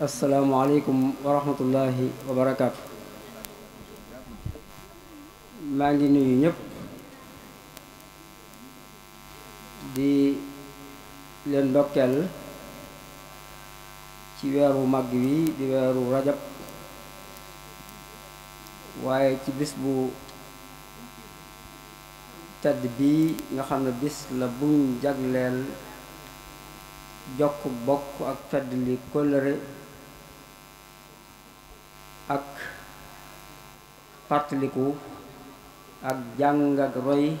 asalaamualeykum wa rahmatullahi wa maa ngi nuyu ñëpp di leen ndokkeel ci weeru màgg wi di weeru rajab waaye ci bis bu tedd bii nga xam ne bis la buñ jagleel jokk bokk ak fedd li kóllëre ak partiliku ak jàng ak roy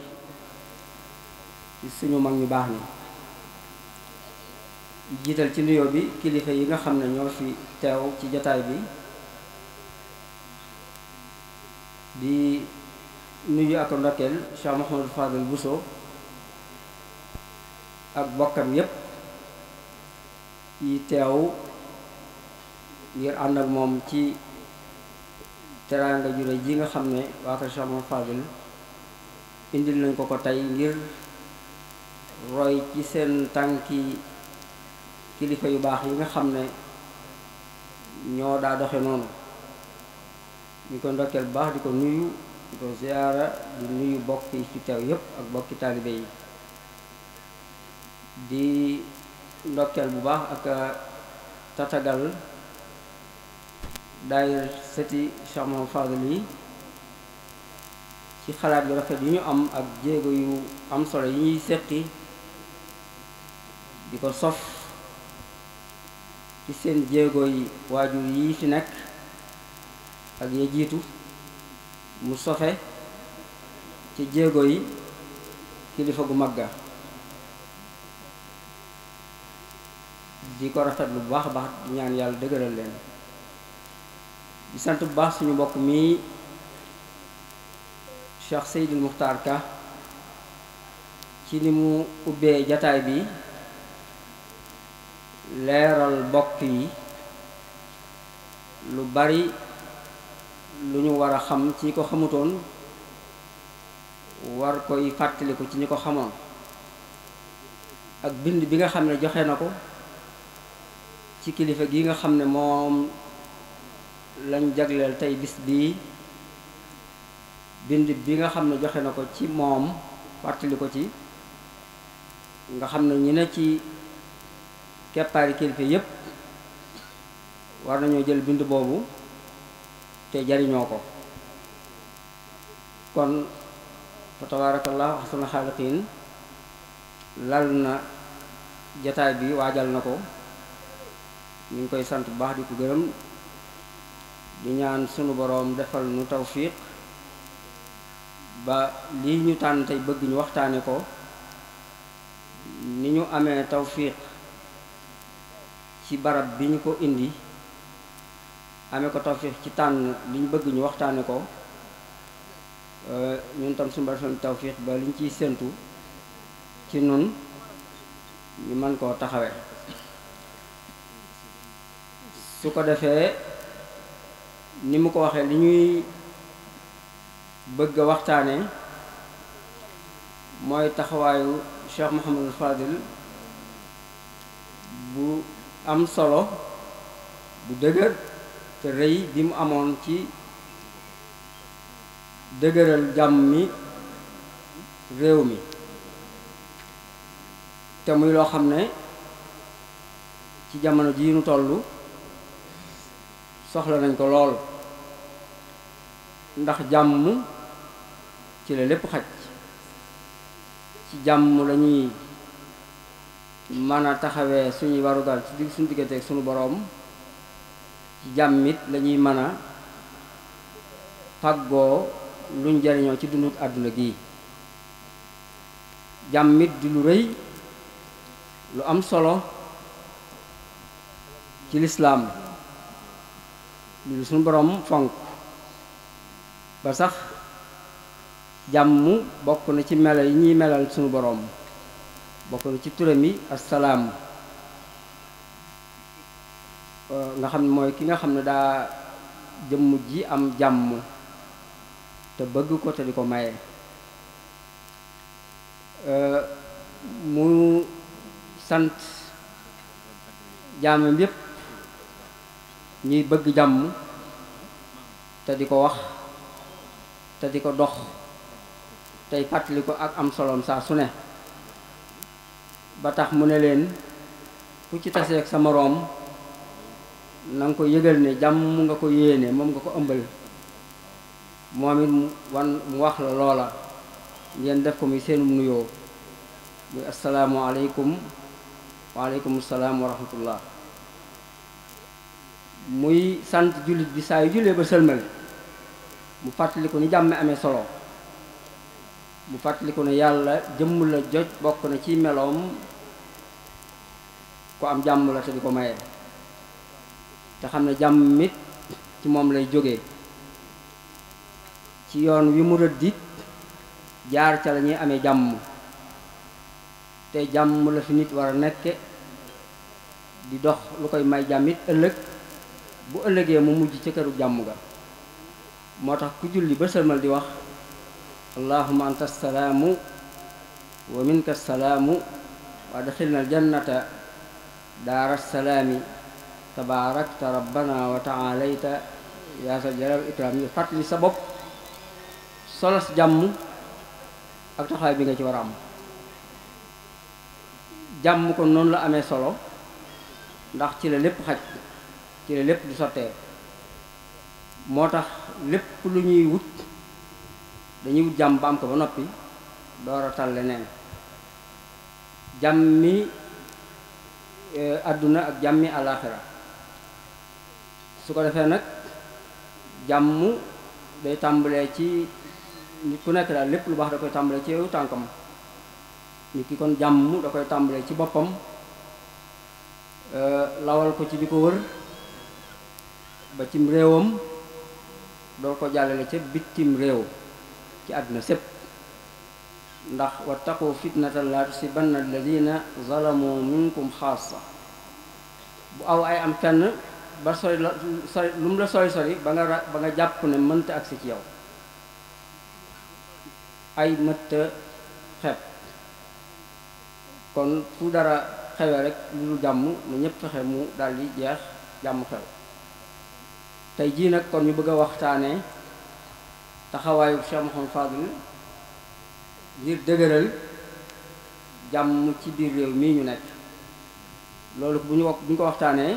ci suñu mag ñu baax ni jiital ci nuyoo bi kilifa yi nga xam ne ñoo fi teew ci jataay bi di nuyu ak ndokkeel Cheikh Mouhamadou Fadel Bousso ak bokkam yépp yi teew ngir ànd ak moom ci teraanga jure ji nga xam ne waa kër Cheikh Mouhamed Fadil indil ko ko tey ngir roy ci seen tànki kilifa yu baax yi nga xam ne ñoo daa doxe noonu ñu ko ndokkeel bu baax di ko nuyu di ko ziyaara di nuyu bokk ci teew yépp ak bokki taalibe yi di ndokkeel bu baax ak tatagal daayira seti Cheikh Mouhamadou Fadel yi ci xalaat yu rafet yu ñu am ak jéego yu am solo yi ñuy séqi di ko sof ci seen jéego yi waajur yi fi nekk ak ya jiitu mu sofe ci jéego yi kilifa gu mag ga di ko rafet lu baax baax ñaan yàlla dëgëral leen di sant bu baax suñu mbokk mii Cheikh Seydil Muxtaar Ka ci ni mu ubbee jataay bi leeral mbokk yi lu bari lu ñu war a xam ci ko xamutoon war koy fàttaliku ci ñi ko xamoon ak bind bi nga xam ne joxe na ko ci kilifa gi nga xam ne moom lañ jagleel tey bis bii bind bi nga xam ne joxe na ko ci moom fàttali ko ci nga xam ne ñi ne ci keppaari kilifa yépp war nañoo jël bind boobu te jariñoo ko kon fa tabaarakallah axsana xaaliqiin lal na jataay bi waajal na ko ñu ngi koy sant bu baax di ko gërëm di ñaan sunu boroom defal nu tawfiq ba lii ñu tànn tey bëgg ñu waxtaane ko ni ñu amee tawfiq ci barab bi ñu ko indi amee ko tawfiq ci tànn li ñu bëgg ñu waxtaane ko ñun tam sunu boroom tawfiq ba li ñu ciy séentu ci nun ñu mën koo taxawee su ko defee ni mu ko waxee li ñuy bëgg a waxtaane mooy taxawaayu Cheikh Mouhamadul Fadil bu am solo bu dëgër te rëy bi mu amoon ci dëgëral jàmm mi réew mi te muy loo xam ne ci jamono jii nu tollu soxla nañ ko lool ndax jàmm ci la lépp xaj ci jàmm lañuy mën a taxawee suñuy warugal suñu diggante sunu boroom ci jàmm it lañuy mën a tàggoo luñ jariñoo ci dundut àdduna gi jàmm it di lu rëy lu am solo ci lislaam lu suñu boroom fonk ba sax jàmm bokk na ci melo yi ñuy melal sunu borom bokk na ci turam yi assalaam nga xam ne mooy ki nga xam ne daa jëmm ji am jàmm te bëgg ko te di ko maye mu sant jaamam yépp ñuy bëgg jàmm te di ko wax te di ko dox tey fàttali ko ak am soloom saa su ne ba tax mu ne leen ku ci taseeg sa moroom na ko yëgal ne jàmm nga ko yéene moom nga ko ëmbal moom it mu wan mu wax la loola ngeen def ko muy seenum nuyoo muy asalaamualeykum waaleykum salaam wa muy sant jullit bi saa yu jullee ba sëlmal mu fàttaliku ni jàmm amee solo mu fàttaliku ne yàlla jëmm la joj bokk na ci meloom ku am jàmm la te di ko maye te xam na jàmm it ci moom lay jóge ci yoon wi mu rëddit jaar ca la ñuy amee jàmm te jàmm la fi nit war a nekke di dox lu koy may jàmm it ëllëg bu ëllëgee mu mujj ca këru jàmm ga moo tax ku julli ba sëlmal di wax allahuma anta salaamu wa minka salaamu wa adxilna aljannata daara salaami tabaarakta rabbana wa taalayta yaa sa jalal ikram yi fàttali sa bopp solo solos jàmm ak taxawaay bi nga ci war a am jàmm ko noonu la amee solo ndax ci la lépp xaj ci la lépp di sottee moo tax lépp lu ñuy wut dañuy wut jàmm ba am ko ba noppi door a tal leneen jàmmi e, àdduna ak jàmmi àllaaxira su ko defee nag jàmm day tàmbalee ci nit ku nekk daal lépp lu baax da koy tàmbalee ci yow tànkam nit ki kon jàmm da koy tàmbalee ci boppam e, lawal ko ci di ko wër ba cim réewam doo ko jàllale ca bitim réew ci àddina sépp ndax wa wattaqu fitnatan la tusibanna alladina zalamu minkum xaasa bu aw ay am fenn ba sori lu mu la sori sori ba nga ba nga jàpp ne mënta agsi ci yow ay mëtta xeeb kon fu dara xewee rek lu dul jàmm na ñépp fexe mu daldi jeex jàmm xew tey jii nag kon ñu bëgg a waxtaanee taxawaayu Cheikh Mouhamadou ngir dëgëral jàmm ci biir réew mii ñu nekk loolu bu ñu bu ko waxtaanee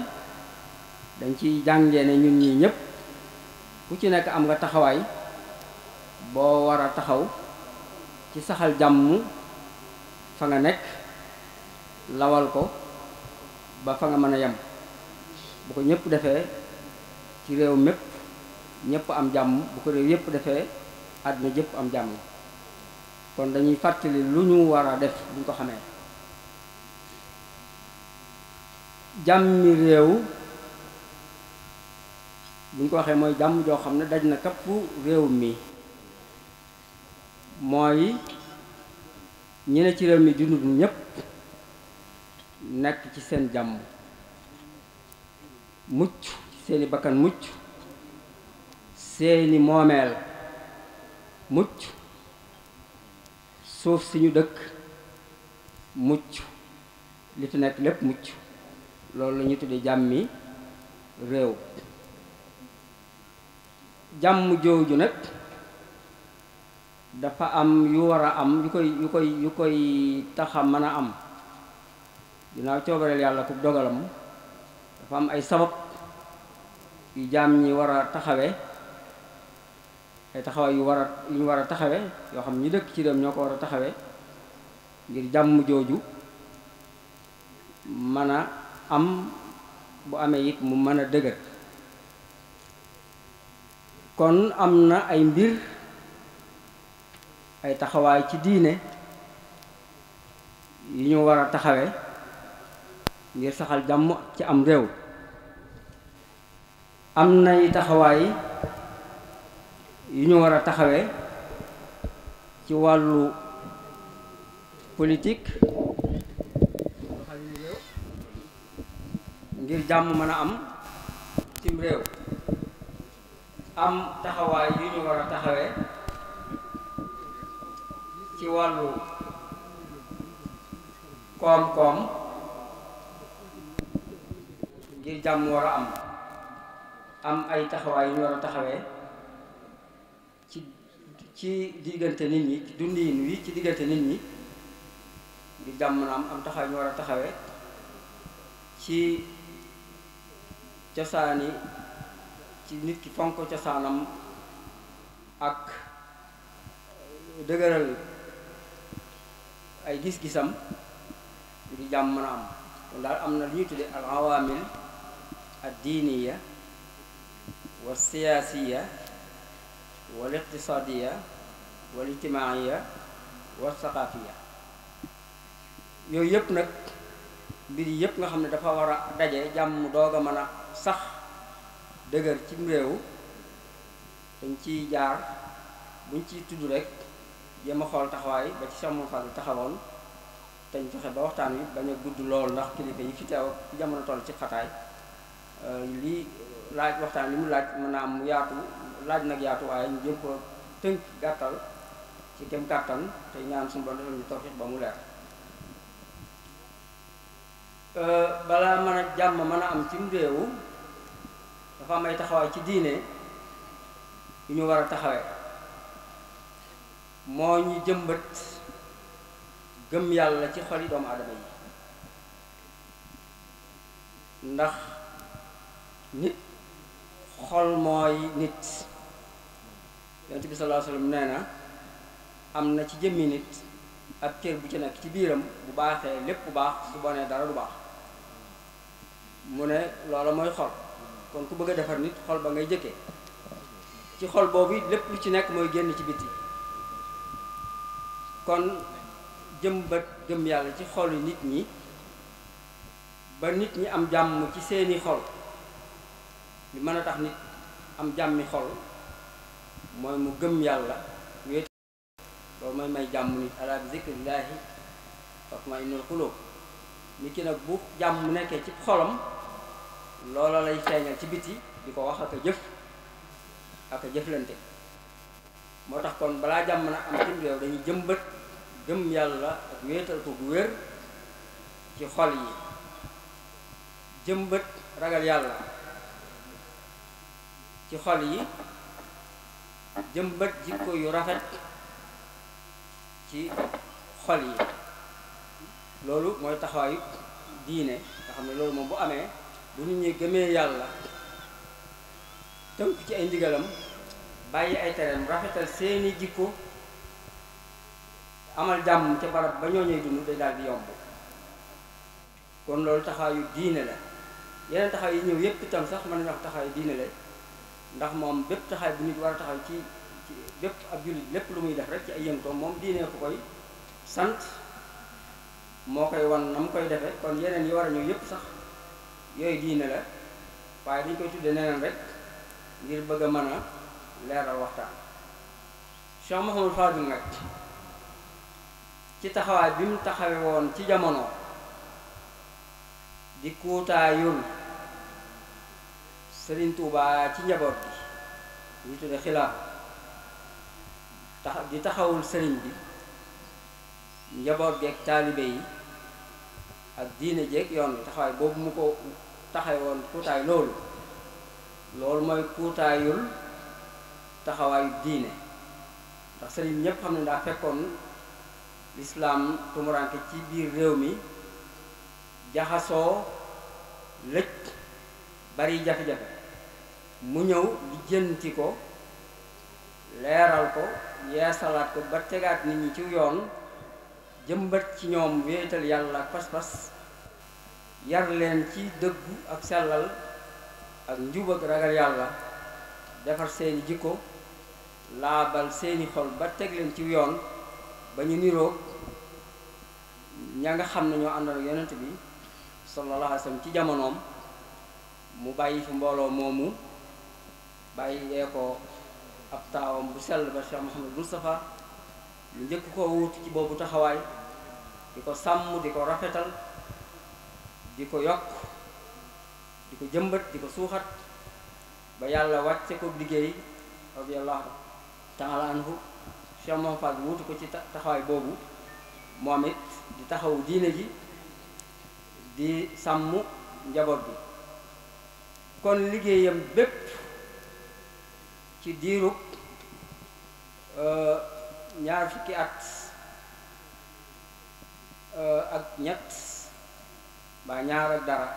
dañ ci jàngee ne ñun ñii ñépp ku ci nekk am nga taxawaay boo war a taxaw ci saxal jàmm fa nga nekk lawal ko ba fa nga mën a yem bu ko ñépp defee ci réew mépp ñëpp am jàmm bu ko réew yépp defee àdduna jëpp am jàmm kon dañuy fàttali lu ñu war a def buñ ñu ko xamee jàmmi réew bu ko waxee mooy jàmm joo xam ne daj na kapp réew mi mooy ñi ne ci réew mi dund ñépp nekk ci seen jàmm mucc seeni bakkan mucc seeni moomeel mucc suuf si ñu dëkk mucc li ci nekk lépp mucc loolu la ñu tudde jàmmi réew jàmm jooju nag dafa am yu war a am yu koy yu koy yu koy taxa mën a am ginnaaw coobareel yàlla ku dogalam dafa am ay sabab yu jaam ñi war a taxawee ay taxawaay yu war a yu ñu yoo xam ñu dëkk ci dem ñoo ko war a taxawee ngir jàmm jooju mën a am bu amee it mu mën a dëgër kon am na ay mbir ay taxawaay ci diine yu ñu war a taxawee ngir saxal jàmm ci am réew am nay taxawaay yu ñu war a taxawee ci wàllu politique ngir jàmm mën a am cim réew am taxawaay yu ñu war a taxawee ci wàllu koom-koom ngir jàmm war a am am ay taxawaay yu ñu war a taxawee ci ci diggante nit ñi dundin wi ci diggante nit ñi di gàmm na am am taxawaay ñu war a taxawee ci cosaani ci nit ki fonk cosaanam ak dëgëral ay gis-gisam di jàmm na am kon daal am na lu ñuy tudde al awaamil ad diiniya wa siyaasiya wal iqtisaadiya wal ijtimaaiya wal ya yooyu yëpp nag mbir yëpp nga xam ne dafa war a daje jàmm doog a mën a sax dëgër ci réew dañ ciy jaar buñ ciy tudd rek jéem a xool taxawaay ba ci Cheikh Moufal taxawoon teñ fexe ba waxtaan wi bañ a gudd lool ndax kilifa yi fi teew jamono toll ci xataay euh, lii laaj waxtaan li mu laaj mën naa mu yaatu laaj nag yaatu waaye ñu jëm ko tënk gàttal ci kem kàttan te ñaan suñu bon defal ñu ba mu leer euh, balaa mën a jàmm mën a am ci réew dafa am ay ci diine yu ñu war a taxawee moo ñu jëmbat gëm yàlla ci xoli doomu aadama yi ndax nit xol mooy nit yonent bi sallallahu alayhi nee na am na ci jëmmi nit ak cër bu ci nekk ci biiram bu baaxee lépp bu baax su bonee dara du baax mu ne loola mooy xol kon ku bëgg a defar nit xol ba ngay jëkke ci xol boobu lépp lu ci nekk mooy génn ci biti kon jëm ba gëm yàlla ci xolu nit ñi ba nit ñi am jàmm ci seeni xol li mën a tax nit am jàmmi xol mooy mu gëm yàlla wéet loolu mooy may jàmm nit ala bi zikrillaahi tatma'innul quluub nit nag bu jàmm mu nekkee ci xolam loola lay feeñal ci biti di ko wax ak a jëf ak jëflante moo tax kon balaa jàmm nag am tim réew dañuy jëmbat gëm yàlla ak wéetal ko gu wér ci xol yi jëmbët ragal yàlla ci xol yi jëmbat jikko yu rafet ci xol yi loolu mooy taxawaayu diine nga xam ne loolu moom bu amee bu nit ñi gëmee yàlla tënk ci ay ndigalam bàyyi ay tereem rafetal seeni jikko amal jàmm ca barab ba ñoo ñuy dund day daal yomb kon loolu taxawaayu diine la yeneen taxaw yi ñëw yépp itam sax mën a wax taxawaayu diine la ndax moom bépp taxaw bu nit war a taxaw ci ci bépp ak jullit lépp lu muy def rek ci ay yëngatoom moom diine ko koy sant moo koy wan na mu koy defee kon yeneen yi war a ñëw yépp sax yooyu diine la waaye dañ koy tudde neneen rek ngir bëgg a mën a leeral waxtaan Cheikh Mouhamadou Fadil nag ci taxawaay bi mu taxawee woon ci jamono di kuutaayul Sëriñ Tuubaa ci njaboot bi ñu tudde xilaaf tax di taxawul sëriñ bi njaboot geeg taalibe yi ak diine jeeg yoon bi taxawaay boobu mu ko taxaw woon kuutaay loolu loolu mooy kuutaayul taxawaayu diine ndax sëriñ ñépp xam ne daa fekkoon lislaam tumuranke ci biir réew mi jaxasoo lëj bari jafe-jafe mu ñëw di jënti ko leeral ko yeesalaat ko ba tegaat nit ñi ci yoon jëmbët ci ñoom wéetal yàlla ak pas-pas yar leen ci dëggu ak sellal ak njub ak ragal yàlla defar seeni jikko laabal seeni xol ba teg leen ci yoon ba ñu niroog ña nga xam ne ñoo àndoon ak yonent bi sallallahu ci jamonoom mu bàyyi fi mbooloo moomu bàyyi yee ko ab taawam bu sell ba Cheikh Mouhamadou Moustapha mu njëkk ko wuutu ci boobu taxawaay di ko sàmm di ko rafetal di ko yokk di ko jëmbat di ko suuxat ba yàlla wàcce ko liggéey radiyallahu taala anhu Cheikh Mouhamadou Fall wuutu ko ci taxawaay boobu moom it di taxaw diine ji di sàmm njaboot bi kon liggéeyam bépp ci diirub euh, ñaar fukki at euh, ak ñett ba ñaar ak dara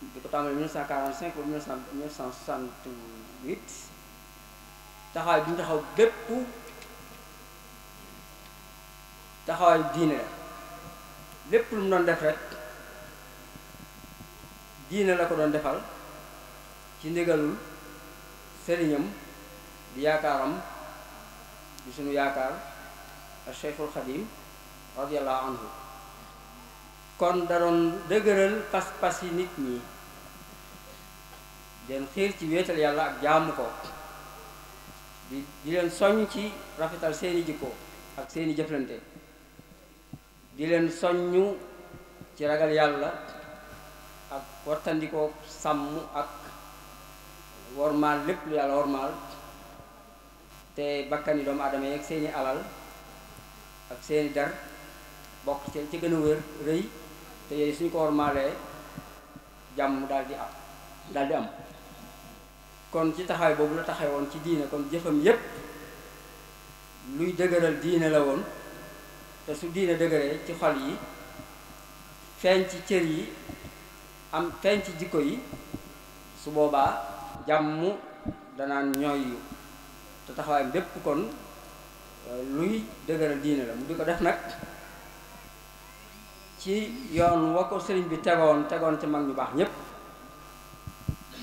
di ko tàmbali 1945 ba 1968 bi ñu taxaw bépp taxawaayu diine la lépp lu mu doon def rek diine la ko doon defal ci ndigalul sëriñam di yaakaaram di suñu yaakaar ak Cheikhul Khadim radiallahu anhu kon da doon dëgëral pas-pas yi nit ñi den xiir ci wéetal yàlla ak jaamu ko di di leen soññ ci rafetal seeni jikko ak seeni jëflante di leen soññ ci ragal yàlla ak wartandikoo sàmm ak wormaal lépp lu yàlla wormaal te bakkan yi doomu aadama yeeg seeni alal ak seeni dar bokk ci ci gën a wér rëy te yooyu suñu ko wormaalee jàmm daal di am daal am kon ci taxaw boobu la woon ci diine kon jëfam yépp luy dëgëral diine la woon te su diine dëgëree ci xol yi feeñ ci cër yi am feeñ ci jikko yi su boobaa jàmm danaan ñooyu te taxawaay bépp kon euh, luy dëgëral diine la mu di ko def nag ci yoon wa ko sëriñ bi tegoon tegoon ci mag ñu baax ñépp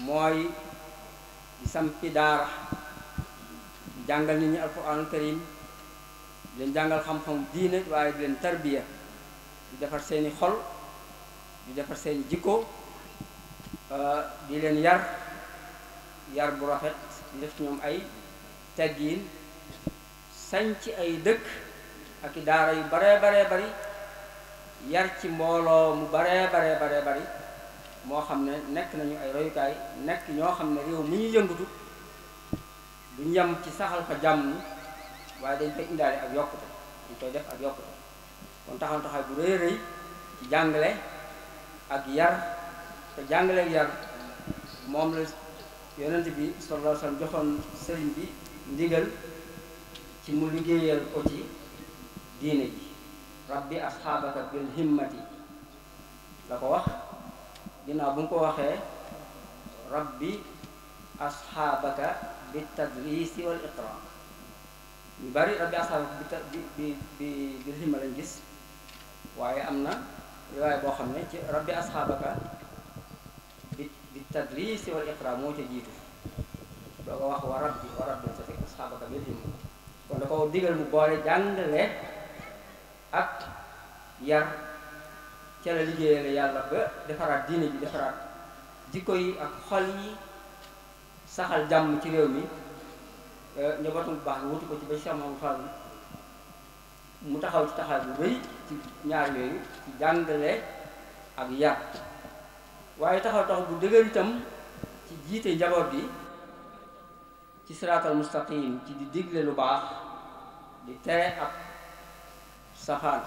mooy di sampi daara di jàngal nit ñi alquranul karim leen jàngal xam-xam diine waaye di leen tarbiya di defar seeni xol di defar seeni jikko euh, di leen yar yar bu rafet def ci ñoom ay teggiin ci ay dëkk ak i daara yu baree baree bari yar ci mbooloo mu baree bare baree bari moo xam ne nekk nañu ay royukaay nekk ñoo xam ne réew mu ñu yëngatu du ñam ci saxal fa jàmm waaye dañ koy indaale ak yokkute dañ koy def ak yokkute kon taxaw taxaw bu rëy rëy ci jàngale ak yar te jàngale yar moom la yonent bi sallallahu alayhi wa joxoon sëriñ bi ndigal ci mu liggéeyal ko ci diine ji rabbi asxaabaka bil himmati la ko wax ginnaaw bu mu ko waxee rabbi asxaabaka bi tadrisi wal iqra ñu bari rabbi asxaabaka bi bi bi bil himma lañ gis waaye am na riwaay boo xam ne ci rabbi asxaabaka bi bi tadlisi wal iqra moo ca jiitu doo ko wax wa rabbi wa rabbi sa fekk asxaabaka bil himma kon da ko digal mu boole jàngale ak yar ca liggéeyale yàlla ba defaraat diine ji defaraat jikko yi ak xol yi saxal jàmm ci réew mi njabootul eh, baax bi wutu ko ci ba Cheikh Mamadou Fall mu taxaw ci taxaw bu rëy ci ñaar yooyu ci jàngale ak yar waaye taxaw taxaw bu dëgër itam ci jiite njaboot bi ci siraatal mustaqim ci di digle lu baax di tere ak safaan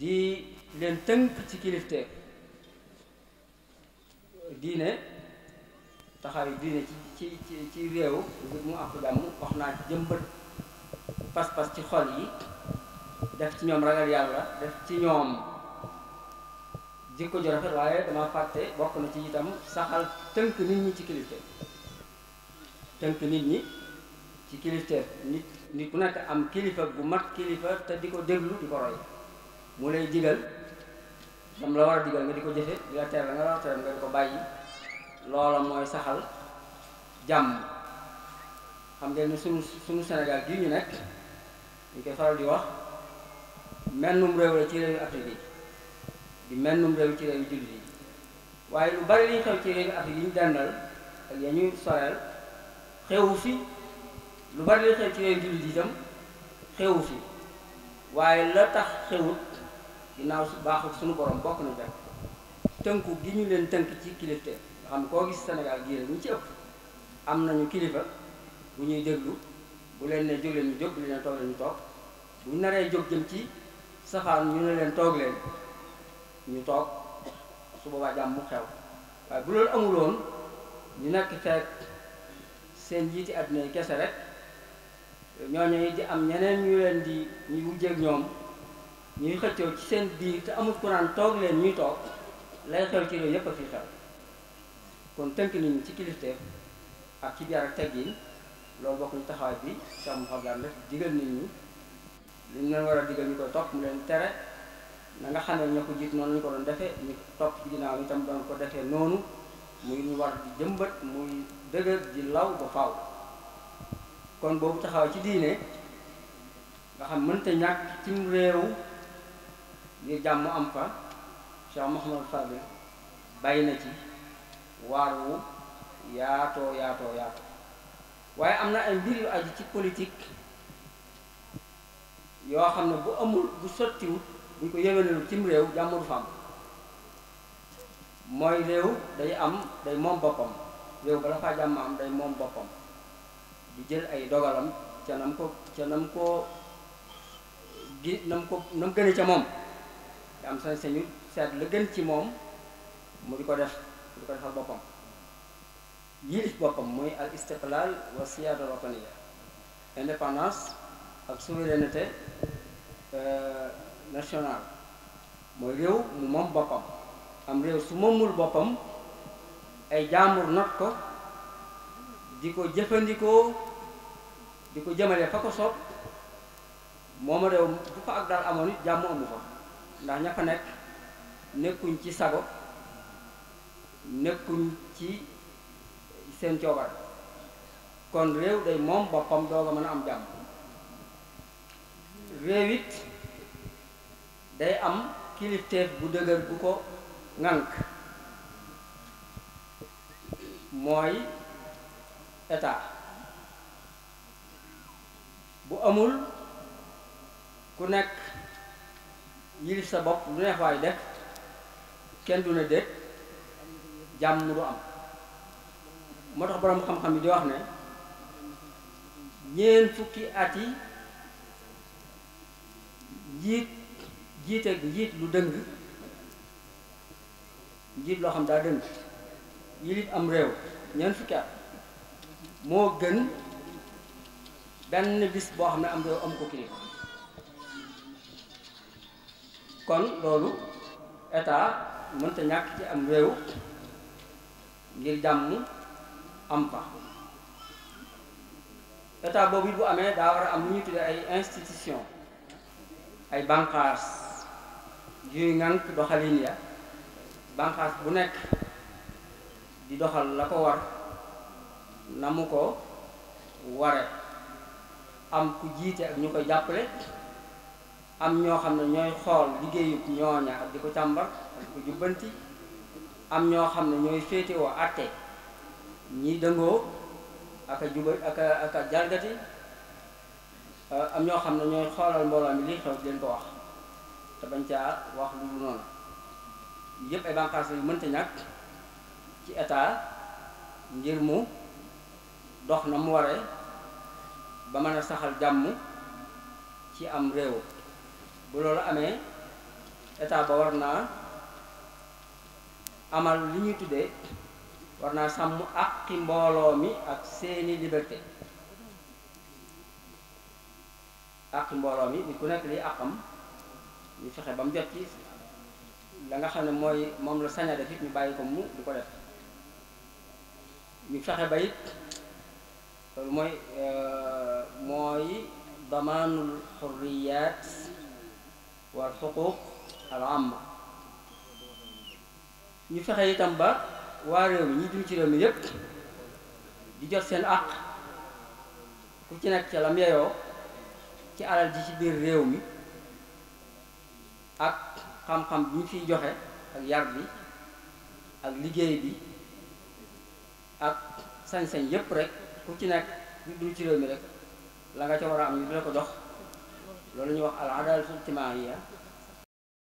di leen tënk ci kilifte diine taxaw yi diine ci ci ci réew ngir mu àqu jàmm wax naa jëmbët pas-pas ci xol yi def ci ñoom ragal yàlla def ci ñoom jikko ju rafet waaye dama fàtte bokk na ci itam saxal tënk nit ñi ci kilifteef tënk nit ñi ci kilifteef nit nit ku nekk am kilifa gu mag kilifa te di ko déglu di ko roy mu lay digal dam la war a digal nga di ko jëfe di la teral nga la nga di ko bàyyi loola mooy saxal jàmm xam ngeen ni suñu suñu Sénégal gii ñu nekk ñu koy faral di wax mennum réew la ci réewu Afrique yi di mennum réew ci réew jullit yi waaye lu bari liy xew ci réew Afrique yi ñu ñuy soreel xewu fi lu bari liy xew fi waaye la tax xewut ginnaaw su baaxul suñu borom bokk na jàpp tënku gi ñu leen tënk ci kilifte nga koo gis Sénégal gii rek ñu ci ëpp am nañu kilifa bu ñuy déglu bu leen ne jóg leen ñu jóg bu leen ne leen ñu toog ñu naree jóg jëm ci safaan ñu ne leen toog leen ñu toog su boobaa jàmm mu xew waaye bu loolu amuloon ñu nekk fekk seen jiiti àdduna yi kese rek ñooñu di am ñeneen ñu leen di ñu wujjeeg ñoom ñuy xëccoo ci seen biir te amul ku naan toog leen ñuy toog lay xew ci réew yépp a fi xew kon tënk nañu ci kilifteef ak ci biar ak teggin loo bokk ñu taxawaay bi Cheikh Mouhamed def digal nit ñi li ñu leen war a digal ñu koy topp mu leen tere na nga xamee ña ko jiit noonu ñu ko doon defee ñu topp ci ginnaaw itam doon ko defee noonu muy ñu war di jëmbat muy dëgër di law ba faaw kon boobu taxaw ci diine nga xam mënta ñàkk ci réew ngir jàmm am fa Cheikh Mouhamadou Fadil bàyyi na ci waar wu yaatoo yaatoo yaatoo waaye am na ay mbir yu aju ci politique yoo xam ne bu amul bu sottiwut bu ñu ko yéwénalul cim réew jàmm du fa am mooy réew day am day moom boppam réew bala faa jàmm am day moom boppam di jël ay dogalam ca nam ko ca nam ko gi nam ko nam gëne ca moom te am sañ-sañu seet la gën ci moom mu di ko def mu di ko defal boppam yilif boppam mooy al istiqlal wa siyaada wataniya indépendance ak souveraineté euh, national mooy réew mu moom boppam am réew su moomul boppam ay jaamur not ko di ko jëfandikoo di ko jëmale fa ko soob mooma réew bu fa ak daal amoon it jàmm amu fa ndax ña fa nekk nekkuñ ci sago nekkuñ ci seen coobar kon réew day moom boppam dooga mën a am jàmm réew it day am kilifteef bu dëgër bu ko ŋànk mooy état bu amul ku nekk yilif sa bopp lu neex def kenn du ne déet jàmm du am moo tax boroom xam-xam yi di wax ne ñeent fukki at yi njiit jiite jiit lu dëng jiit loo xam daa dëng yilit am réew ñeent fukki moo gën benn bis boo xam ne am réew am ko kilifa kon loolu état mënta ñàkk ci am réew ngir jàmm am fa état boobu it bu amee daa war a am lu ñuy ay institution ay banqaas yuy ŋànk doxalin ya banqaas bu nekk di doxal la ko war na mu ko ware am ku jiite ak ñu ko jàppale am ñoo xam ne ñooy xool liggéeyub ñooña ak di ko càmbar ak di ko jubbanti am ñoo xam ne ñooy féetewoo àtte ñi dëngoo ak a juba ak a ak am ñoo xam ne ñooy xoolal mbooloo mi lii xew leen ko wax te bañ caa wax lu noonu yëpp ay bànqaas yu mënta ñàkk ci état ngir mu dox na mu waree ba mën a saxal jàmm ci am réew bu loolu amee état ba war naa amal li ñuy tuddee war naa sàmm àqi mbooloo mi ak seeni liberté àqi mbooloo mi ni ku nekk liy àqam ñu fexe ba mu jot ci la xam ne mooy moom la sañ a def it ñu bàyyi ko mu di ko def ñu fexe ba it loolu mooy euh, mooy damaanul xurriyaat wal xuquuq al amma ñu fexe itam waa ci réew mi seen àq ci nekk ca lam ci alal ji ci biir réew mi ak xam-xam bi ñu fiy joxe ak yar bi ak liggéey bi ak sañ-sañ yépp rek ku ci nekk du ci réew mi rek la nga ca war a am ñu dina ko dox loolu ñuy wax al adalatu ijtimaiyya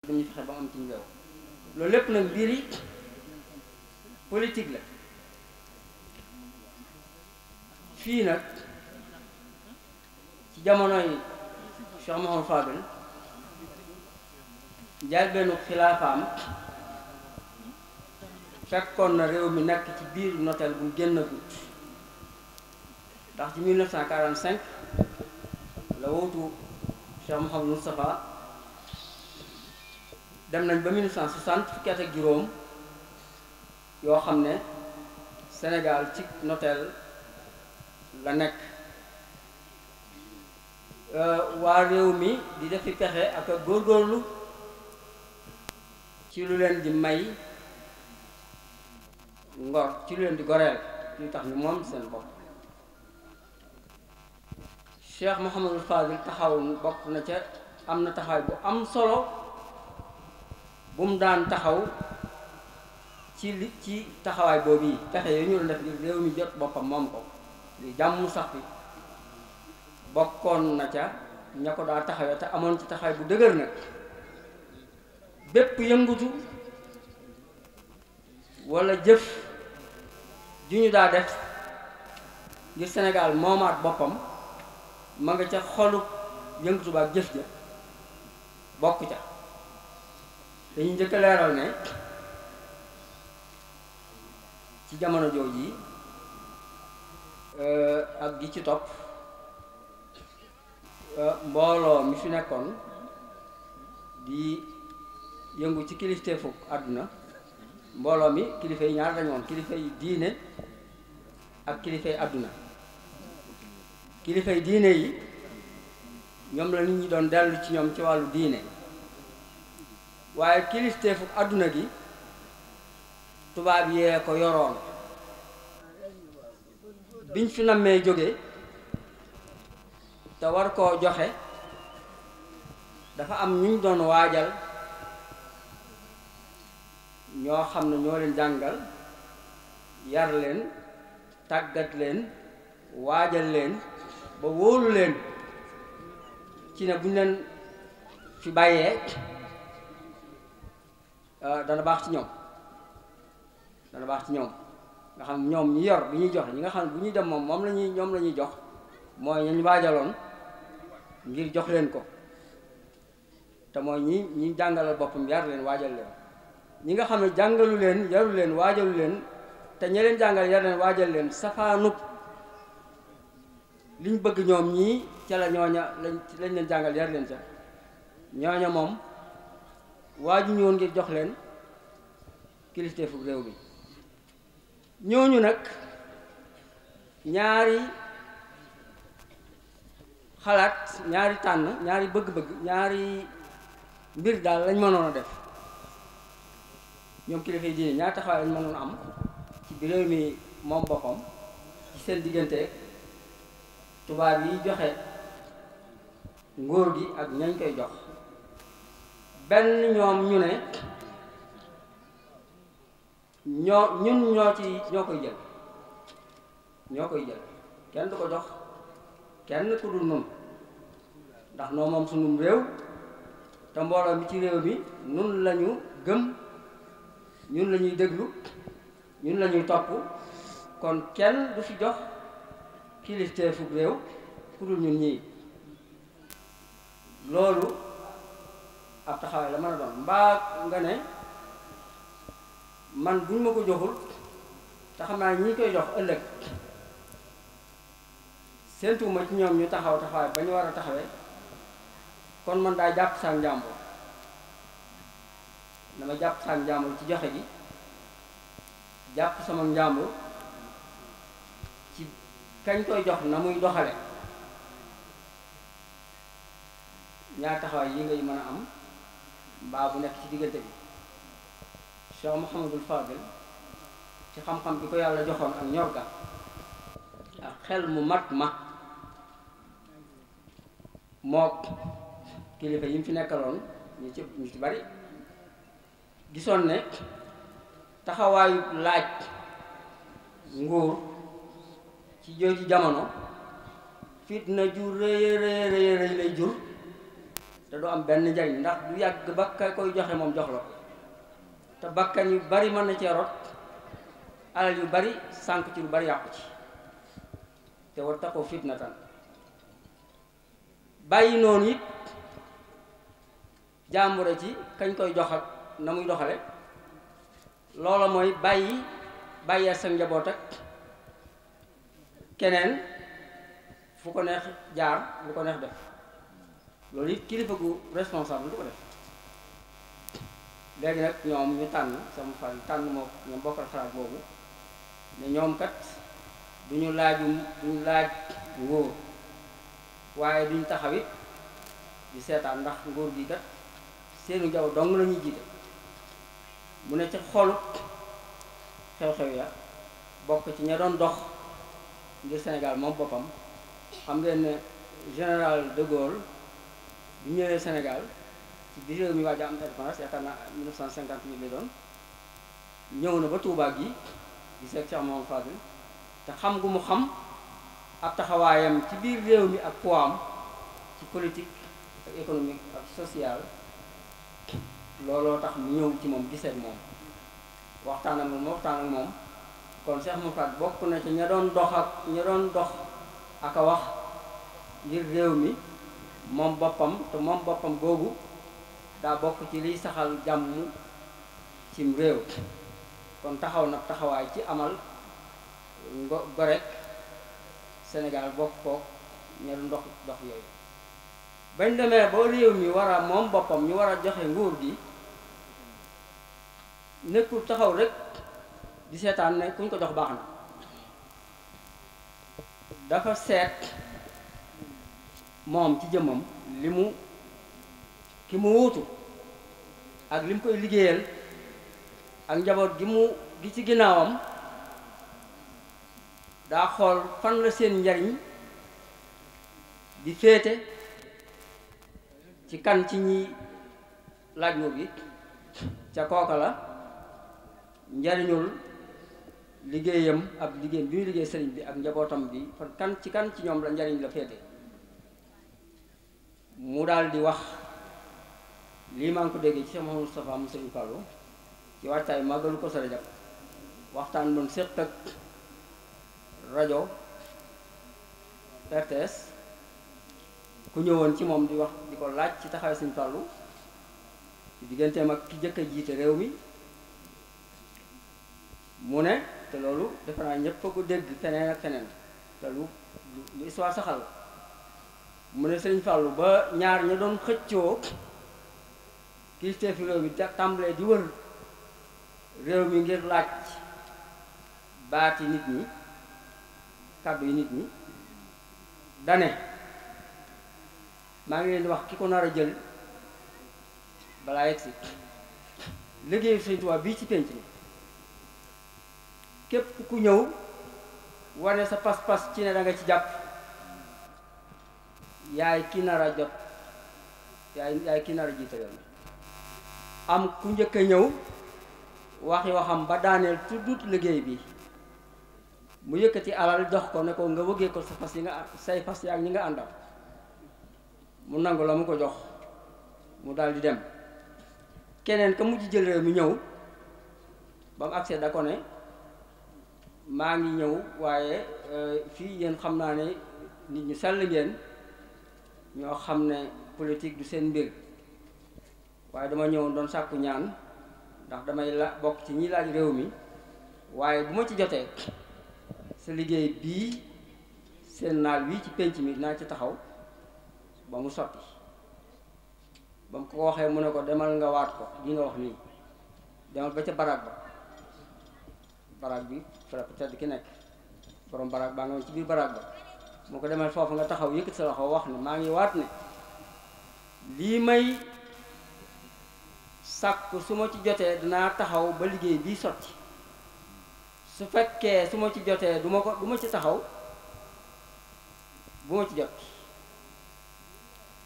dañuy fexe ba am ci ñu réew loolu lépp nag mbir yi politique la fii nag ci jamonoy Cheikh Mouhamadou Fadel njëlbeenu xilaafaam fekkoon na réew mi nekk ci biir noteel bu génn gut ndax ci 1945 la wootu Cheikh Mouhamadou Moustapha dem nañ ba 1960 fukki at ak juróom yoo xam ne Sénégal ci noteel la nekk euh, waa réew mi di def fi pexe ak góorgóorlu ci lu leen di may ngor ci lu leen di goreel luy tax ñu moom seen bopp Cheikh Mouhamadul Fadil taxaw bokk na ca am na taxaw bu am solo bu mu daan taxaw ci li ci taxawaay boobu yi pexe yooyu ñu def réew mi jot boppam moom ko li jàmm sax bi bokkoon na ca ña ko daa taxawee te amoon ci taxawaay bu dëgër nag bépp yëngutu walla jëf ju ñu daa def ngir Sénégal moomaat boppam ma nga ca xolu yëngutu ba ak jëf ja bokk ca dañu njëkk a leeral ne ci jamono jooju yi eh, ak gi ci topp eh, mbooloo mi fi nekkoon di yëngu ci kilifteefu àdduna mbooloo mi kilifa yi ñaar dañu woon kilifa yi diine ak kilifa yi àdduna kilifa yi diine yi ñoom la doon dellu ci ñoom ci wàllu diine waaye kilifteefu àdduna gi tubaab yee ko yoroon biñ fi nammee jóge te war koo joxe dafa am ñu doon waajal ñoo xam ne ñoo leen jàngal yar leen tàggat leen waajal leen ba wóolu leen ci ne bu ñu leen fi bàyyee euh, dana baax ci ñoom dana baax ci ñoom nga xam ñoom ñi yor bi ñuy joxe ñi nga xam ne bu ñuy dem moom moom la ñuy ñoom la ñuy jox mooy ñu waajaloon ngir jox leen ko te mooy ñi ñi jàngalal boppam yar leen waajal leen ñi nga xam ne jàngalu leen yaru leen waajalu leen te ñe leen jàngal yar leen waajal leen safaanub liñ bëgg ñoom ñii ca la ñooña lañ leen jàngal yar leen ca ñooña moom waaju ñëwoon ngir jox leen kilifteefu réew bi ñooñu nag ñaari xalaat ñaari tànn ñaari bëgg-bëgg ñaari mbir daal lañ mënoon a def ñoom kilifa yi diine ñaari taxawaay lañ mënoon am ci bi réew mi moom boppam ci seen diggante tubaab yi joxe nguur gi ak ñañ koy jox benn ñoom ñu ne ñoo ñun ñoo ci ñoo koy jël ñoo koy jël kenn du ko jox kenn ku nun ndax noo moom sunum réew te mbooloo mi ci réew mi nun lañu gëm ñun la ñuy déglu ñun la ñuy topp kon kenn du fi jox kilifteefu réew pour dul ñun ñii loolu ab taxawaay la mën a doon mbaa nga ne man buñ ma ko joxul te xam naa ñi koy jox ëllëg séentuwuma ci ñoom ñu taxaw taxawaay ba ñu war a taxawee kon man daa jàpp sa njàmbur dama jàpp saak njàmbur ci joxe ji jàpp sama njàmbur ci kañ koy jox na muy doxale ñaar taxawaay yi ngay mën a am mbaa bu nekk ci diggante bi Cheikh Mouhamadul Fadil ci xam-xam bi ko yàlla joxoon ak ñor ga ak xel mu mat ma mook kilifa yi mu fi nekkaloon ñu ci ñu ci bari gisoon ne taxawaayu laaj nguur ci jooju jamono fitna ju rëy rëy rëy rëy lay jur te du am benn njariñ ndax du yàgg bakka koy joxe moom jox la ko te bakkan yu bari mën na cee rot alal yu bari sànq ci lu bari yàqu ci te war taxoo fitna tan bàyyi noonu it jàmbure ci kañ koy jox ak na muy doxale loola mooy bàyyi bàyyi sa njaboot ak keneen fu ko neex jaar lu ko neex def loolu it kilifa gu responsable du ko def léegi nag ñoom ñu tànn sama fan tànn moo ñoom bokkal xalaat boobu ne ñoom kat du ñu laaju duñu laaj nguur waaye duñ taxawit di seetaan ndax nguur gi kat seenu jaww dong la ñuy jiite mu ne ci xool xew-xew ya bokk ci ña doon dox ngir Sénégal moom boppam xam ngeen ne général de Gaulle bi ñëwee Sénégal ci di réew mi waaj a am indépendance yaakaar naa 1958 la doon ñëw na ba Touba gi gisee ak Cheikh Mamadou Fadil te xam gu mu xam ab taxawaayam ci biir réew mi ak poids ci politik ak économique ak sociale looloo tax mu ñëw ci moom gisee moom waxtaan ak moom waxtaan ak moom kon Cheikh bokk na ci ña doon dox ak ña doon dox aka wax ngir réew mi moom boppam te moom boppam googu daa bokk ci liy saxal jàmm cim réew kon taxaw na taxawaay ci amal ngo gorek Sénégal bokk ko ña doon dox dox bañ demee ba réew mi war a moom boppam ñu war a joxe nguur gi nekkul taxaw rekk di seetaan ne kuñ ko jox baax na dafa seet moom ci jëmmam li mu ki mu wuutu ak li mu koy liggéeyal ak njaboot gi mu gi ci ginnaawam daa xool fan la seen njariñ di féete ci kan ci ñi laaj boobu ca kooka la njariñul liggéeyam ak liggéeyam bi muy liggéey sëriñ bi ak njabootam bi kon kan ci kan ci ñoom la njariñ la féete mu daldi wax lii maa ngi ko déggee ci Cheikh Mouhamadou Moustapha mu sëriñ Fallou ci waajtaay ko sa rajab waxtaan doon séq ak rajo RTS ku ñëwoon ci moom di wax di ko laaj ci taxawaay suñu Fallu ci digganteem ak ki jëkk a jiite réew mi mu ne te loolu defe naa ñëpp ko dégg feneen ak feneen te lu lu histoire saxal mu ne Sëñ Fallu ba ñaar ñu doon xëccoo kilifteefu réew mi tàmbalee di wër réew mi ngir laaj baati nit ñi kàddu yi nit ñi dane maa ngi leen di wax ki ko nar a jël balaa yegg si liggéeyu Sëñ Tuubaa bii ci pénc mi képp ku ñëw wane sa pas-pas ci ne danga ci jàpp yaay ki nar a jot yaay yaay ki nar a jiite yoon am ku njëkk a ñëw waxi waxam ba daaneel tuddut liggéey bi mu yëkkati alal jox ko ne ko nga wëggee ko sa fas yi nga say fas yi ak ñi nga àndal mu nangu la mu ko jox mu daal di dem keneen ka mujj jël réew mi ñëw ba mu agsee da ko ne maa ngi ñëw waaye euh, fii yéen xam naa ne nit ñu sell ngeen ñoo xam ne politique du seen mbir waaye dama ñëwoon doon sàkku ñaan ndax damay la bokk ci ñi laaj réew mi waaye bu ma ci jotee sa liggéey bii seen naal wii ci pénc mi naa ci taxaw ba mu sotti ba mu ko waxee mu ne ko demal nga waat ko li nga wax nii demal ba ca baraag ba baraag bi fa tedd ki nekk boroom baraag baa nga woon ci biir baraag ba mu ko demal foofu nga taxaw yëkkat sa loxo wax ne maa ngi waat ne lii may sàkku su ma ci jotee dinaa taxaw ba liggéey bii sotti su fekkee su ma ci jotee du ma ko du ma ci taxaw bu ma ci jot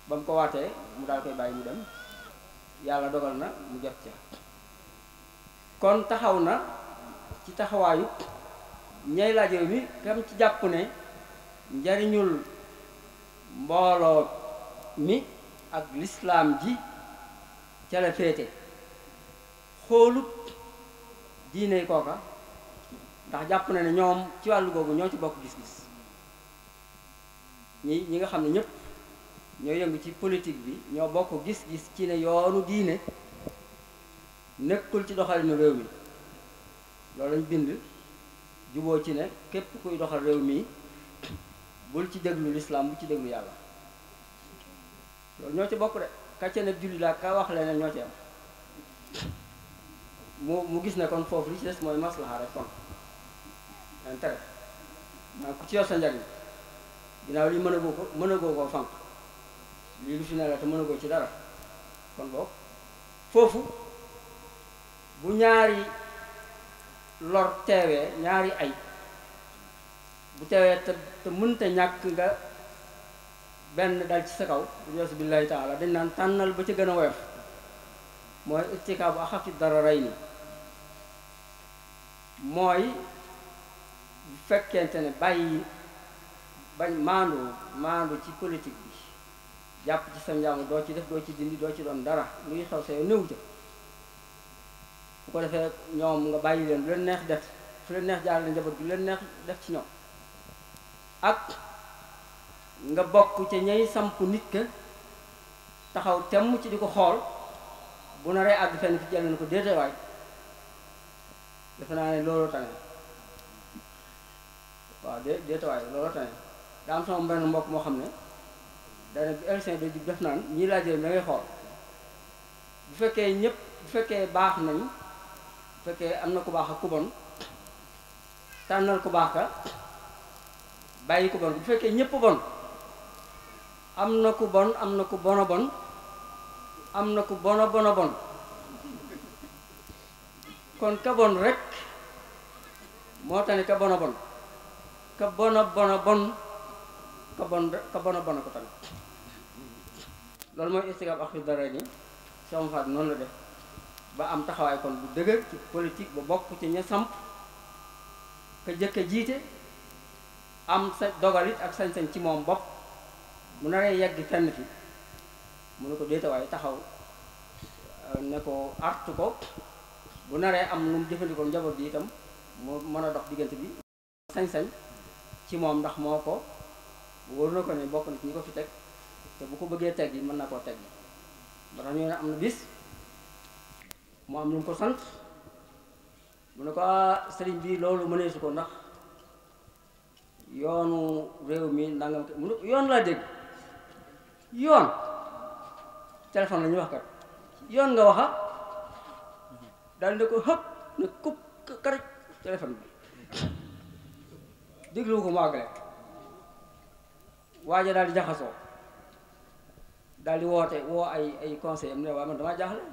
ba mu ko waatee mu daal koy bàyyi mu dem yàlla dogal na mu jot ca kon taxaw na ci taxawaayu ñay laaj mi tam ci jàpp ne njariñul mbooloo mi ak lislaam ji ca la féete xoolut diine kooka ndax jàpp na ne ñoom ci wàll googu ñoo ci bokk gis-gis ñi ñi nga xam ne ñëpp ñoo yëngu ci politique bi ñoo bokk gis-gis ci ne yoonu diine nekkul ci doxalinu réew mi loolu lañ bind juboo ci ne képp kuy doxal réew mi bul ci déglu lislaam bul ci déglu yàlla loolu ñoo ci bokk de kàcce ne julli laa ka wax leneen ñoo ci am mu mu gis ne kon foofu li ci des mooy maslaha rek kon intérêt maa ku ci yor sa njariñ ginnaaw li mën a goo ko mën koo fànq lii lu fi ne la te mënagoo ci dara kon boog foofu bu ñaari lor teewee ñaari ay bu teewee te te ñàkk nga benn dal ci sa kaw yos billahi taala dañ naan tànnal ba ci gën a woyof mooy irtikaabu axafi dara rey ni mooy bu fekkente ne bàyyi bañ maandu maandu ci politique jàpp ci sa njàmm doo ci def doo ci dindi doo ci doon dara luy xew sa yow néew ja bu ko defee ñoom nga bàyyi leen lu leen neex def fu leen neex jaarale njaboot bi lu leen neex def ci ñoom ak nga bokk ca ñay samp nit ka taxaw temm ci di ko xool bu naree àgg fenn fi jël na ko déete waay defe naa ne looloo tane waaw dé déete waay looloo tane daa am sama benn mbokk moo xam ne dana bu élection bi di def naan ñii laa jël da ngay xool bu fekkee ñépp bu fekkee baax nañ bu fekkee am na ku baax ak ku bon tànnal ku baax ka bàyyi ku bon bu fekkee ñépp bon am na ku bon am na ku bon a bon am na ku bon a bon a bon kon ka bon rek moo tax ne ka bon a bon ka bon a bon a bon ka bon ka bon a bon a ko tamit loolu mooy istiqaam ak fi dara ni Cheikh noonu la def ba am taxawaay kon bu dëgër ci politik ba bokk ci ña samp ka jëkk jiite am sa dogalit ak sañ-sañ ci moom bopp mu naree yegg fenn fi mu ne ko déetawaay taxaw euh, ne ko art ko bu naree am lu mu jëfandikoo njaboot bi itam mu mën a dox diggante bi sañ-sañ ci moom ndax moo ko wóor na ko ne bokk na ñi ko fi teg te bu ko bëggee teg yi mën na koo teg ba tax am na bis mu am lu mu ko sant mu ne ko ah, sëriñ bi loolu mënee su ko ndax yoonu réew mi nangam mu ne yoon laa dégg yoon téléphone la ñu wax kat yoon nga waxa ah? daal ne ko xëpp ne kub karaj téléphone bi déglu ko mu àggale waaja daal di jaxasoo daal di woote woo ay ay conseil am ne waaye man damaa jaaxle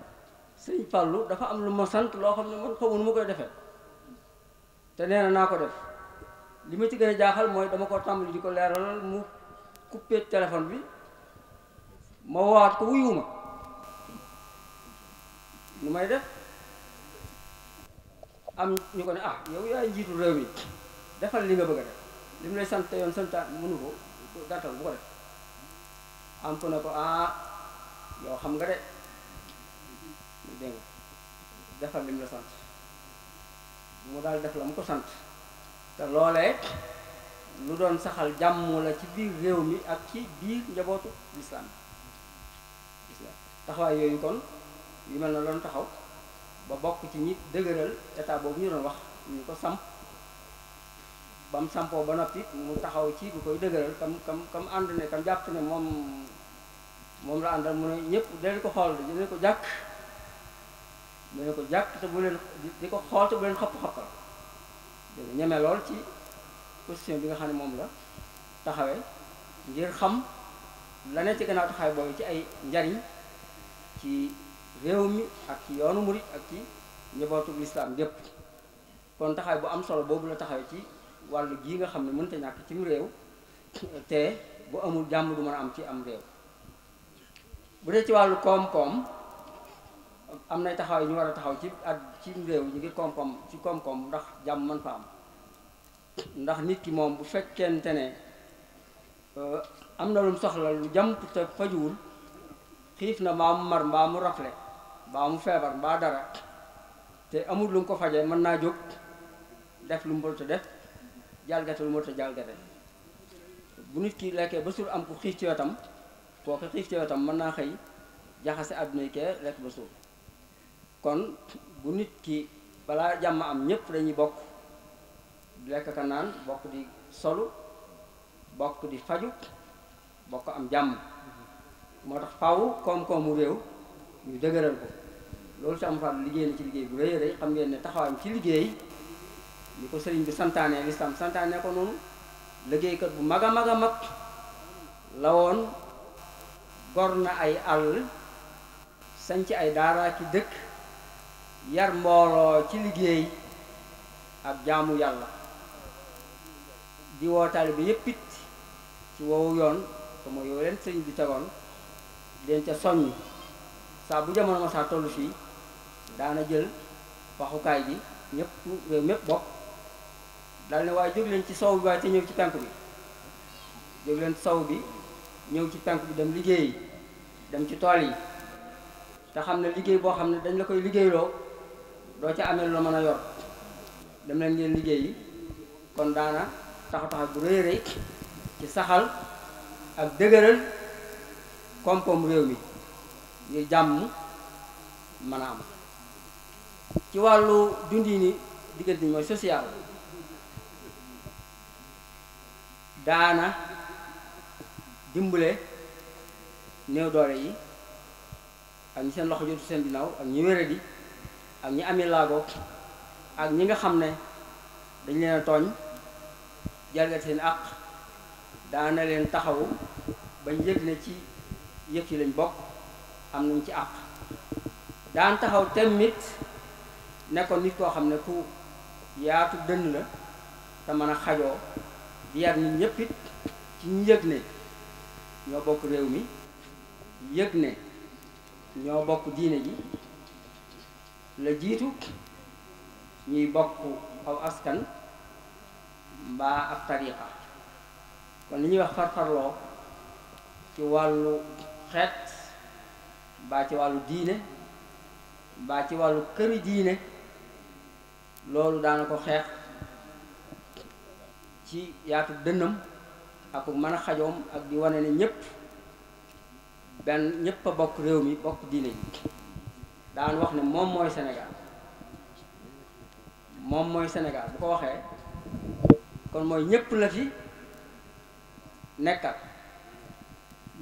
sëñ Fallou dafa am lu ma sant loo xam ne man xamu nu ma koy defee te nee naa ko def li ma ci gën a jaaxal mooy dama ko tàmbali di ko leeralal mu coupé téléphone bi ma woowaat ko wuyuuma nu may def am ñu ko ne ah yow yaay njiitu réew mi defal li nga bëgg a def li mu lay sant yoon santaan mënu ko gàttal bu ko def am fu ne ko ah yow xam nga de dégg nga defal lim la sant mu dal def la mu ko sant te loolee lu doon saxal jàmm la ci biir réew mi ak ci biir njabootu lislaam taxawaay yooyu kon yu mel na doon taxaw ba bokk ci ñi dëgëral état boobu ñu doon wax ñu ko samp ba mu sampoo ba noppi mu taxaw ci bu koy dëgëral kam kam kam ànd ne kam jàpp ne moom moom la àndal mu ne ñëpp daleen ko xool di leen ko jàkk di leen ko jàkk te di ko xool te bu leen xapp xappal dana ñeme lool ci position bi nga xam ne moom la taxawee ngir xam la ne ci gannaaw taxawaay boobu ci ay njariñ ci réew mi ak ci yoonu murit ak ci njabootu lislaam gépp kon taxawaay bu am solo boobu la taxawee ci wàllu gii nga xam ne mënta ñàkk ci réew te bu amul jàmm du mën a am ci am réew bu dee ci wàllu koom-koom am nay taxaw yi ñu war a taxaw ci at ci réew ñu ngi koom-koom ci koom-koom ndax jàmm mën fa am ndax nit ki moom bu fekkente ne euh, am na lum soxla lu jàmp te fajuwul xiif na mbaa mu mar mbaa mu rafle mbaa mu feebar mbaa dara te amul lu mu ko fajee mën naa jóg def lu mu bëgg te def jalgatul moo tax jalgate bu nit ki lekkee ba suur am ku xiif ci wetam kooku xiif ci wetam mën naa xëy jaxase àdduna yi kee lekk ba suur kon bu nit ki balaa jàmm am ñépp dañuy bokk lekk ka naan bokk di solu bokk di faju bokk am jàmm moo tax faw koom-koomu réew ñu dëgëral ko loolu si am fàll liggéey na ci liggéey bu rëy rëy xam ngeen ne taxawaayam ci liggéey ñu ko sëriñ bi santaane lislam santaane ko noonu liggéeykat bu mag a mag a mag la woon gor na ay àll ci ay daara ci dëkk yar mbooloo ci liggéey ak jaamu yàlla di wootaale bi yépp it ci woowu yoon te mooy yow leen sëriñ bi tegoon leen ca soññ saa bu jamono ma saa toll fii daana jël waxukaay bi ñëpp bokk daal ne waaye jóg ci sow bi waaye ci ñëw ci penk bi jóg leen sow bi ñëw ci penk bi dem liggéey dem ci tool yi te xam ne liggéey boo xam ne dañ la koy liggéeyloo doo ci amee loo mën a yor dem leen ngeen liggéey kon daana taxa taxa bu rëy rëy ci saxal ak dëgëral koom-koom réew mi ngir jàmm mën a am ci wàllu dundii ni diggante mooy social daana dimbale néew doole yi ak ñi seen loxo jotu seen dinaw ak ñi wéradi ak ñi amee laago ak ñi nga xam ne dañ leen a tooñ jalgat seen àq daana leen taxawu bañ yëg ne ci yëf yi lañ bokk am nañ ci àq daan taxaw tamit nekkoon nit koo xam ne ku yaatu dënn la te mën a xajoo di yar ñun ci ñu yëg ne ñoo bokk réew mi yëg ne ñoo bokk diine ji la jiitu ñuy bokk aw askan mbaa ab tariqa kon li ñuy wax farfarloo ci wàllu xeet mbaa ci wàllu diine mbaa ci wàllu këri diine loolu daana ko xeex ci yaatu dënnam aku mën a xajoom ak di wane ne ñëpp benn ñépp a bokk réew mi bokk diine ji daan wax ne moom mooy Sénégal moom mooy Sénégal bu ko waxee kon mooy ñëpp la fi nekkal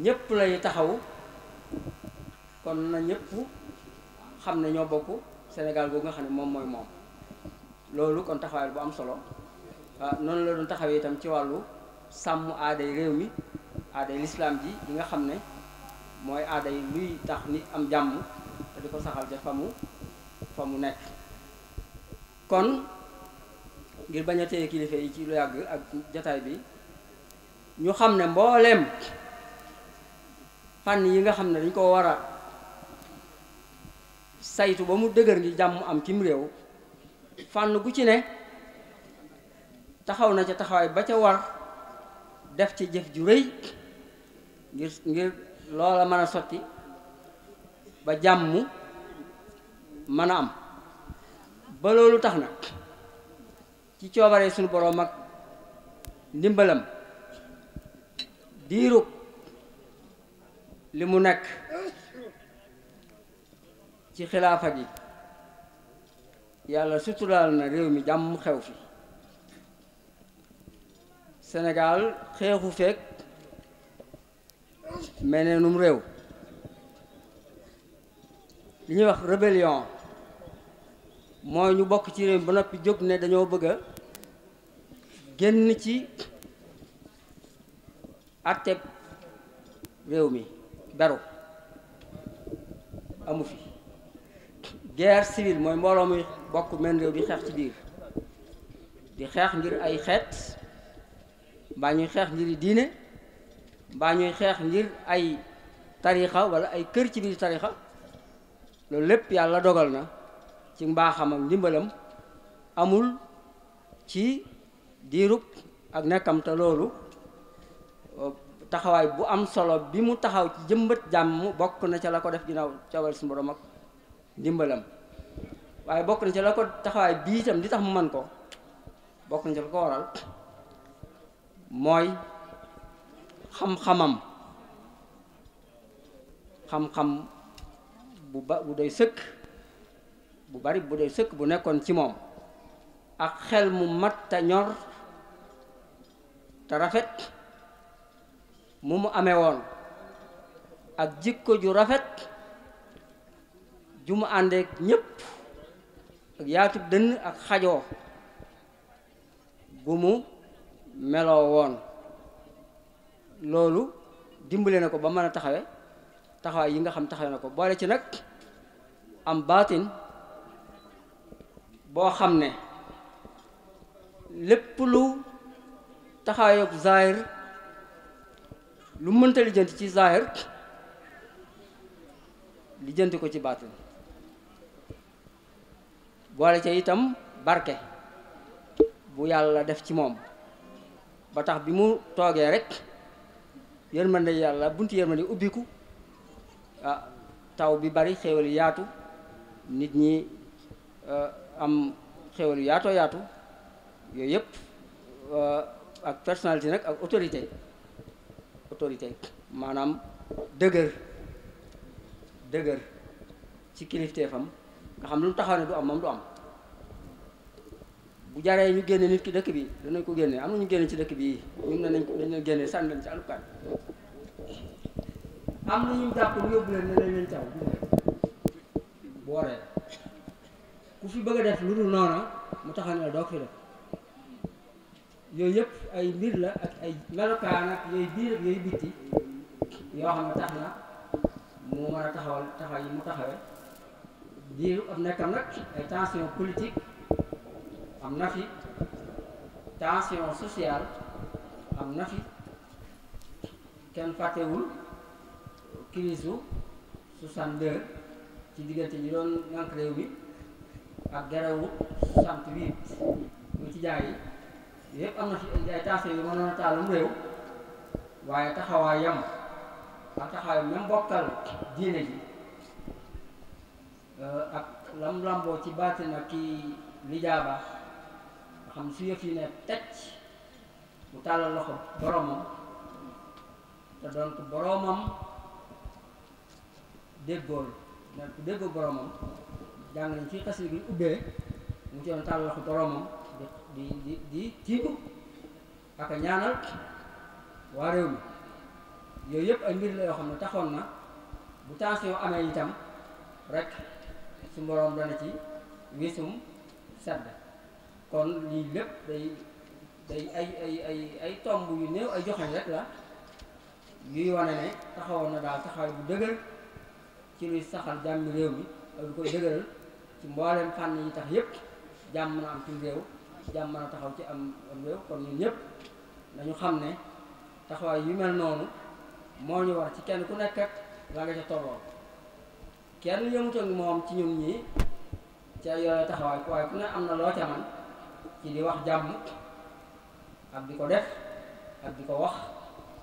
ñépp lay taxaw kon na ñëpp xam ne ñoo bokk Sénégal boobu nga xam ne moom mooy moom loolu kon taxawaay bu am solo Ah, noonu la doon taxawee itam ci wàllu sàmm aaday réew mi aaday lislaam ji yi nga xam ne mooy aaday luy tax nit am jàmm te di ko saxal ja fa mu fa mu nekk kon ngir bañ a téye kilifa yi ci lu yàgg ak jataay bi ñu xam ne mbooleem fànn yi nga xam ne dañ koo war a saytu ba mu dëgër ngi jàmm am cim réew fànn gu ci ne taxaw na ca taxawaay ba ca war def ci jëf ju rëy ngir ngir loola mën a sotti ba jàmm mën a am ba loolu tax na ci coobaree suñu boroom ak ndimbalam diirub li mu nekk ci xilaafa gi yàlla suturaal na réew mi jàmm xew fii Sénégal xeexu fekk meneenum réew li ñuy wax rébellion mooy ñu bokk ci réew ba noppi jóg ne dañoo bëgg a génn ci àtteb réew mi beru amu fi guerre civile mooy mbooloo mi bokk men réew di xeex ci biir di xeex ngir ay xeet mbaa ñuy xeex ngir diine mbaa ñuy xeex ngir ay tarixa wala ay kër ci biir tarixa loolu lépp yàlla dogal na ci mbaaxam ak ndimbalam amul ci diirub ak nekkam te loolu taxawaay bu am solo bi mu taxaw ci jëmbët jàmm bokk na ca la ko def ginnaaw coobal suñu borom ak ndimbalam waaye bokk na ca la ko taxawaay bii itam di tax mu man ko bokk na ca la ko waral mooy xam-xamam xam-xam bu ba bu doy sëkk bu bari bu doy sëkk bu nekkoon ci moom ak xel mu matta ñor te rafet mu mu amee woon ak jikko ju rafet ju mu àndeek ñépp ak yaatu dënn ak xajoo bu mu meloo woon loolu dimbale na ko ba mën a taxawe taxawaay yi nga xam taxawe na ko boole ci nag am baatin boo xam ne lépp lu taxawaayoog zaahir lu mënta lijjanti ci zaahir lijjanti ko ci baatin boole ci itam barke bu yàlla def ci moom ba tax bi mu toogee rek yërmande yàlla buntu yërmande ubbiku ah taw bi bari xéewal yaatu nit ñi ah, am xéewal yaatoo yaatu yooyu yëpp ah, ak personnalité nag ak autorité autorité maanaam dëgër dëgër ci fam nga xam lu mu taxaw ne du am moom du am bu jaree ñu génne nit ki dëkk bi danañ ko génne am na ñu génne ci dëkk bi ñun ne nañ dañ leen génne sànni leen ci am na ñu jàpp ñu yóbbu leen ne nañ leen caw booree ku fi bëgg a def lu dul noonu mu taxaw ne la doo fi def yooyu yëpp ay mbir la ak ay melokaan ak yooyu biir ak yooyu bitti yoo xam ne tax na mu mën a taxawal taxaw yi mu taxawee biir am nekkam nag ay tension politique am na fi tension sociale am na fi kenn fàttewul crise u 62 ci diggante ñi doon ngànk réew mi ak gerewu 68 mu ci jaay yi yépp am na fi ay tension yu mënoon a taalum réew waaye taxawaayam ak taxawaay même bokkal diine ji euh, ak lam lamboo ci baatin ak ki lijaaba xam su yëf yi ne tecc mu tàllal loxo boroomam te doon ko boroomam déggool doon ko déggoo boroomam jàng nañ ci xasida gi ubbee mu ci doon tàllal loxo boroomam di di di tiitu ak a ñaanal waa réew mi yooyu yëpp ak mbir la yoo xam ne taxoon na bu tension amee itam rek su boroom dana ci wisum sedd kon lii lépp day day ay ay ay ay tomb yu néew ay joxañ rek la yuy wane ne taxawoon na daal taxawaay bu dëgër ci luy saxal jàmmi réew mi ak lu koy dëgëral ci mbooleem fànn yi tax yépp jàmm na am ci réew jàmm na taxaw ci am am réew xam ne taxawaay yu mel noonu moo ñu wax ci kenn ku nekk ak la nga ca tolloo kenn yëmutoon moom ci ñun ñi ca yooyu taxawaay waaye ku ne am na loo ca man ci di wax jàmm ak di ko def ak di ko wax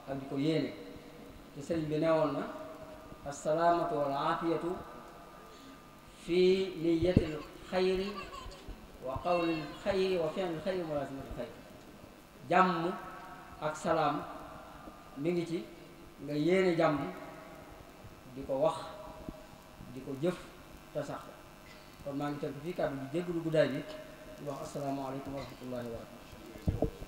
ak di ko yéene te sëriñ bi neewoon na assalaamatu wal aafiyatu fi niyatil xayri wa qawlil xayri xayri wa laazimatil xayri jàmm ak salaam mi ngi ci nga jàmm di ko wax di ko jëf te sax kon maa ngi tënk fii kàddu bi jégalu guddaay bi wax asalaamaaleykum wa rahmatullahi wa barakatu